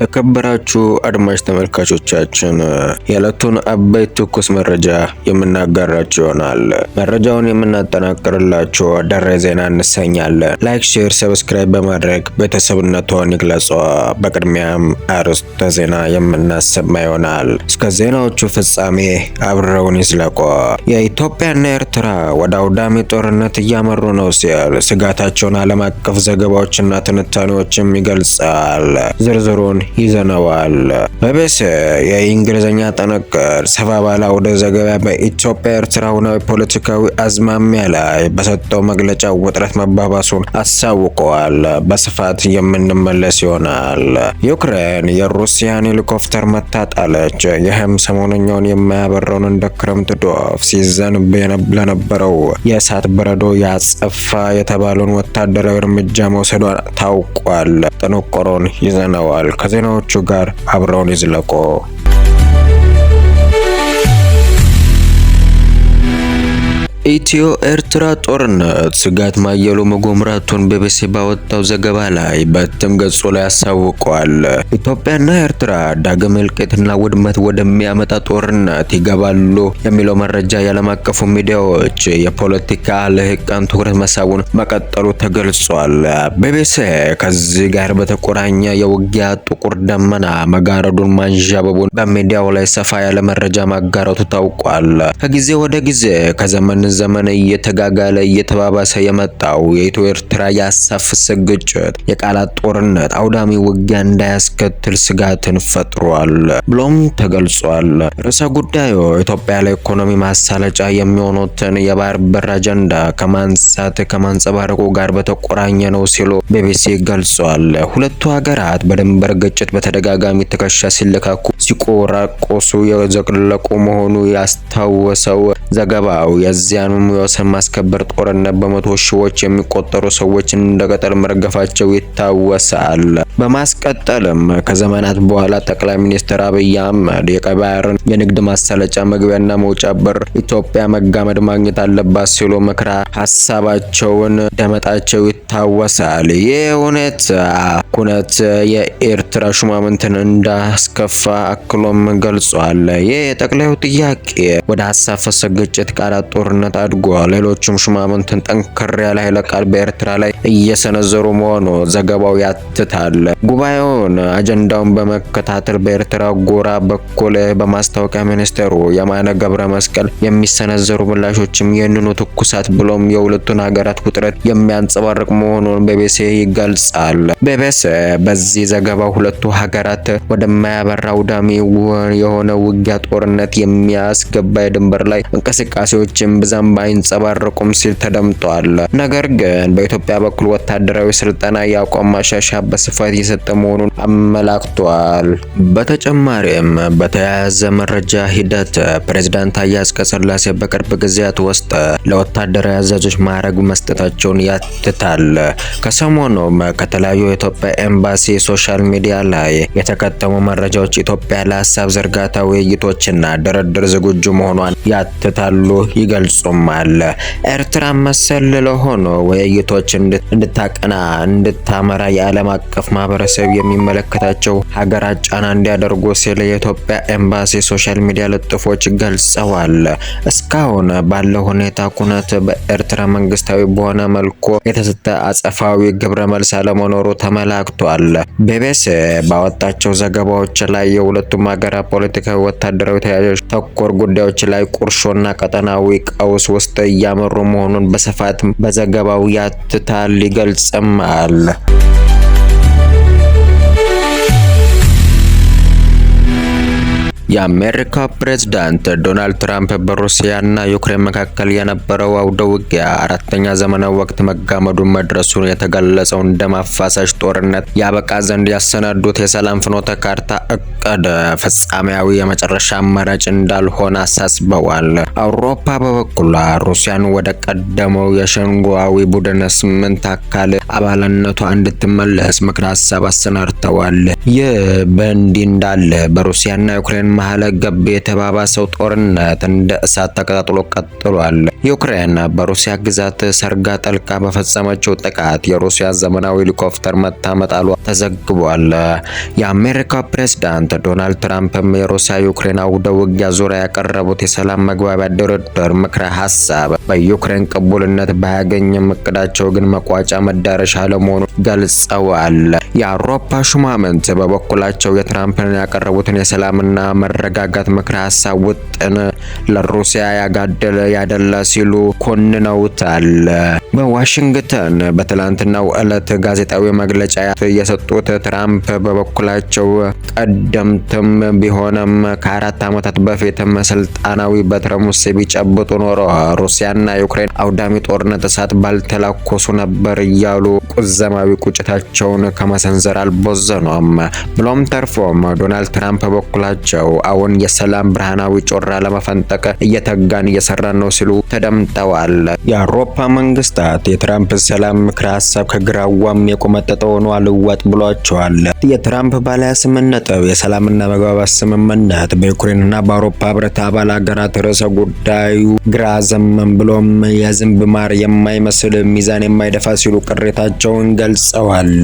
ተከበራችሁ አድማጭ ተመልካቾቻችን የዕለቱን አበይት ትኩስ መረጃ የምናጋራችሁ ይሆናል። መረጃውን የምናጠናቅርላችሁ አዳራሽ ዜና እንሰኛለን። ላይክ፣ ሼር፣ ሰብስክራይብ በማድረግ ቤተሰብነትን ይግለጹ። በቅድሚያም አርዕስተ ዜና የምናሰማ ይሆናል። እስከ ዜናዎቹ ፍጻሜ አብረውን ይዝለቁ። የኢትዮጵያና ኤርትራ ወደ አውዳሚ ጦርነት እያመሩ ነው ሲል ስጋታቸውን ዓለም አቀፍ ዘገባዎችና ትንታኔዎችም ይገልጻል። ዝርዝሩን ይዘነዋል። መቤስ የእንግሊዝኛ ጠነቅር ሰፋ ባላ ወደ ዘገባ በኢትዮጵያ ኤርትራ ሁናዊ ፖለቲካዊ አዝማሚያ ላይ በሰጠው መግለጫ ውጥረት መባባሱን አሳውቀዋል። በስፋት የምንመለስ ይሆናል። ዩክሬን የሩሲያን ሄሊኮፕተር መታጣለች። ይህም ሰሞነኛውን የማያበረውን እንደ ክረምት ዶፍ ሲዘንብ ለነበረው የእሳት በረዶ ያጸፋ የተባለውን ወታደራዊ እርምጃ መውሰዷን ታውቋል። ጥንቆሮን ይዘነዋል። ከዚህ ዜናዎቹ ጋር አብረውን ይዝለቁ። በኢትዮ ኤርትራ ጦርነት ስጋት ማየሉ መጎምራቱን ቢቢሲ ባወጣው ዘገባ ላይ በእትም ገጹ ላይ አሳውቋል። ኢትዮጵያና ኤርትራ ዳግም እልቂትና ውድመት ወደሚያመጣ ጦርነት ይገባሉ የሚለው መረጃ የዓለም አቀፉ ሚዲያዎች የፖለቲካ ልሂቃን ትኩረት መሳቡን መቀጠሉ ተገልጿል። ቢቢሲ ከዚህ ጋር በተቆራኘ የውጊያ ጥቁር ደመና መጋረዱን ማንዣበቡን በሚዲያው ላይ ሰፋ ያለ መረጃ ማጋረቱ ታውቋል። ከጊዜ ወደ ጊዜ ከዘመን ዘመን እየተጋጋለ እየተባባሰ የመጣው የኢትዮ ኤርትራ የአሳፍሰ ግጭት፣ የቃላት ጦርነት አውዳሚ ውጊያ እንዳያስከትል ስጋትን ፈጥሯል ብሎም ተገልጿል። ርዕሰ ጉዳዩ ኢትዮጵያ ለኢኮኖሚ ማሳለጫ የሚሆኑትን የባህር በር አጀንዳ ከማንሳት ከማንጸባረቁ ጋር በተቆራኘ ነው ሲሉ ቢቢሲ ገልጿል። ሁለቱ ሀገራት በድንበር ግጭት በተደጋጋሚ ትከሻ ሲለካኩ ሲቆራቆሱ የዘለቁ መሆኑ ያስታወሰው ዘገባው የዚያን በመሙያው ሰላም ማስከበር ጦርነት በመቶ ሺዎች የሚቆጠሩ ሰዎች እንደ ቅጠል መርገፋቸው ይታወሳል። በማስቀጠልም ከዘመናት በኋላ ጠቅላይ ሚኒስትር አብይ አህመድ የቀይ ባህርን የንግድ ማሳለጫ መግቢያና መውጫ በር ኢትዮጵያ መጋመድ ማግኘት አለባት ሲሉ ምክረ ሀሳባቸውን ደመጣቸው ይታወሳል። ይህ ሁኔታ ኩነት የኤርትራ ሹማምንትን እንዳስከፋ አክሎም ገልጿል። ይህ የጠቅላዩ ጥያቄ ወደ ሀሳብ ፈሰስ ግጭት፣ ቃላት፣ ጦርነት ኃይለኝነት አድጓል። ሌሎችም ሹማምንትን ጠንከር ያለ ኃይለ ቃል በኤርትራ ላይ እየሰነዘሩ መሆኑ ዘገባው ያትታል። ጉባኤውን አጀንዳውን በመከታተል በኤርትራ ጎራ በኩል በማስታወቂያ ሚኒስቴሩ የማነ ገብረ መስቀል የሚሰነዘሩ ምላሾችም ይህንኑ ትኩሳት ብሎም የሁለቱን ሀገራት ውጥረት የሚያንጸባርቅ መሆኑን በቤሴ ይገልጻል። በቤሴ በዚህ ዘገባ ሁለቱ ሀገራት ወደማያበራ ውዳሜ የሆነ ውጊያ ጦርነት የሚያስገባ የድንበር ላይ እንቅስቃሴዎችን ብዛ ሚናም ባይንጸባረቁም ሲል ተደምጧል። ነገር ግን በኢትዮጵያ በኩል ወታደራዊ ስልጠና የአቋም ማሻሻያ በስፋት እየሰጠ መሆኑን አመላክቷል። በተጨማሪም በተያያዘ መረጃ ሂደት ፕሬዝዳንት ታዬ አጽቀሥላሴ በቅርብ ጊዜያት ውስጥ ለወታደራዊ አዛዦች ማዕረግ መስጠታቸውን ያትታል። ከሰሞኑም ከተለያዩ የኢትዮጵያ ኤምባሲ ሶሻል ሚዲያ ላይ የተከተሙ መረጃዎች ኢትዮጵያ ለሀሳብ ዝርጋታ ውይይቶችና ድርድር ዝግጁ መሆኗን ያትታሉ ይገልጹ አስተዋጽኦም አለ። ኤርትራ መሰል ለሆኑ ውይይቶች እንድታቀና እንድታመራ የዓለም አቀፍ ማህበረሰብ የሚመለከታቸው ሀገራት ጫና እንዲያደርጉ ሲል የኢትዮጵያ ኤምባሲ ሶሻል ሚዲያ ልጥፎች ገልጸዋል። እስካሁን ባለው ሁኔታ ኩነት በኤርትራ መንግስታዊ በሆነ መልኩ የተሰጠ አጸፋዊ ግብረ መልስ አለመኖሩ ተመላክቷል። ቢቢሲ ባወጣቸው ዘገባዎች ላይ የሁለቱም ሀገራት ፖለቲካዊ፣ ወታደራዊ ተያያዥ ተኮር ጉዳዮች ላይ ቁርሾና ቀጠናዊ ቀውስ ቴዎድሮስ ውስጥ እያመሩ መሆኑን በስፋት በዘገባው ያትታል አል የአሜሪካ ፕሬዝዳንት ዶናልድ ትራምፕ በሩሲያና ዩክሬን መካከል የነበረው አውደ ውጊያ አራተኛ ዘመናዊ ወቅት መጋመዱን መድረሱን የተገለጸው እንደ ማፋሳሽ ጦርነት ያበቃ ዘንድ ያሰናዱት የሰላም ፍኖተ ካርታ እቅድ ፍጻሜያዊ የመጨረሻ አማራጭ እንዳልሆነ አሳስበዋል። አውሮፓ በበኩሏ ሩሲያን ወደ ቀደመው የሸንጎዊ ቡድን ስምንት አካል አባልነቷ እንድትመለስ ምክረ ሀሳብ አሰናድተዋል። ይህ በእንዲህ እንዳለ በሩሲያና ዩክሬን መሀለ ገብ የተባባሰው ጦርነት እንደ እሳት ተቀጣጥሎ ቀጥሏል። ዩክሬን በሩሲያ ግዛት ሰርጋ ጠልቃ በፈጸመችው ጥቃት የሩሲያ ዘመናዊ ሄሊኮፕተር መታመጣሏ ተዘግቧል። የአሜሪካ ፕሬዝዳንት ዶናልድ ትራምፕም የሩሲያ ዩክሬን አውደ ውጊያ ዙሪያ ያቀረቡት የሰላም መግባቢያ ድርድር ምክረ ሀሳብ በዩክሬን ቅቡልነት ባያገኝም እቅዳቸው ግን መቋጫ መዳረሻ ለመሆኑ ገልጸዋል። የአውሮፓ ሹማምንት በበኩላቸው የትራምፕን ያቀረቡትን የሰላምና መረጋጋት ምክረ ሀሳብ ውጥን ለሩሲያ ያጋደለ ያደላ ሲሉ ኮንነውታል። በዋሽንግተን በትላንትናው ዕለት ጋዜጣዊ መግለጫ የሰጡት ትራምፕ በበኩላቸው ቀደምትም ቢሆንም ከአራት ዓመታት በፊትም ስልጣናዊ በትረ ሙሴ ቢጨብጡ ኖሮ ሩሲያና ዩክሬን አውዳሚ ጦርነት እሳት ባልተላኮሱ ነበር እያሉ ቁዘማዊ ቁጭታቸውን ከመ መሰንዘር አልቦዘኑም። ብሎም ተርፎም ዶናልድ ትራምፕ በበኩላቸው አሁን የሰላም ብርሃናዊ ጮራ ለመፈንጠቅ እየተጋን እየሰራን ነው ሲሉ ተደምጠዋል። የአውሮፓ መንግስታት የትራምፕ ሰላም ምክረ ሀሳብ ከግራዋም የቆመጠጠው ሆኖ አልወጥ ብሏቸዋል። የትራምፕ ባለ ስምንት ነጥብ የሰላምና መግባባት ስምምነት በዩክሬንና በአውሮፓ ህብረት አባል ሀገራት ርዕሰ ጉዳዩ ግራ ዘመም ብሎም የዝንብ ማር የማይመስል ሚዛን የማይደፋ ሲሉ ቅሬታቸውን ገልጸዋል።